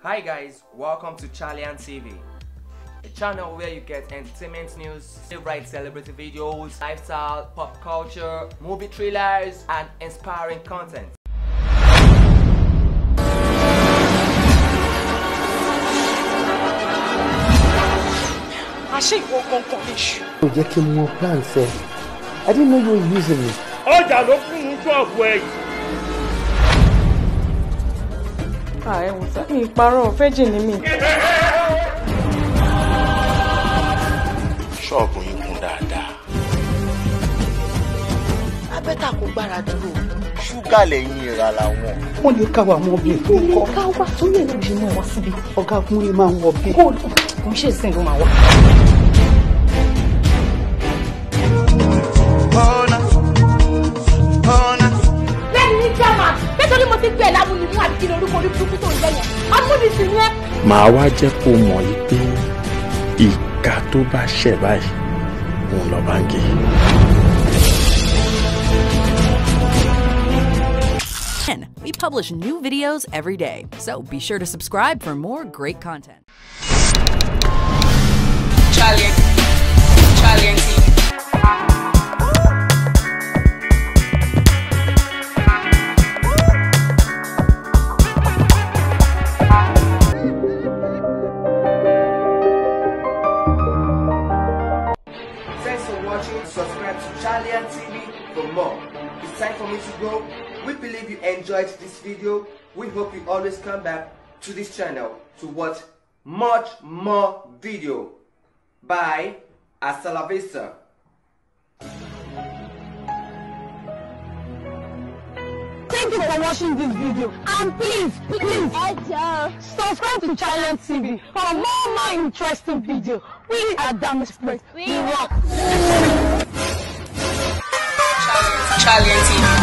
Hi guys, welcome to Charlie and TV, a channel where you get entertainment news, favorite celebrity videos, lifestyle, pop culture, movie trailers, and inspiring content. I didn't know you were using me. ọjà ló kún un ṣọ́ọ̀bù ẹ̀yìn. ẹ̀wò sá mi ìparọ́ fẹ́jì ní mi. ṣọ́ọ̀bù yín kún dáadáa. abẹ́tà kò gbára dúró. ṣúgà lẹ́yìn ìra làwọn. wọ́n lè káwọ́ àwọn obìnrin tó kọ́. ká wá sórí ẹ̀ lójú wọn síbi ọ̀gá ọkùnrin máa ń wọ bí. kó o kò ń ṣe ìsìn máa wà. màá wá jẹ́ kó mọ̀ pé ìka tó bá ṣẹ̀ báyìí òun lọ bá ń gé. We publish new videos every day, so be sure to subscribe for more great content. Charlie. watching, subscribe to Charlie and TV for more. It's time for me to go. We believe you enjoyed this video. We hope you always come back to this channel to watch much more video. Bye. Hasta la vista. Thank you for watching this video. And please, please, subscribe to Challenge TV for more more interesting videos. We are done with We rock. Challenge TV.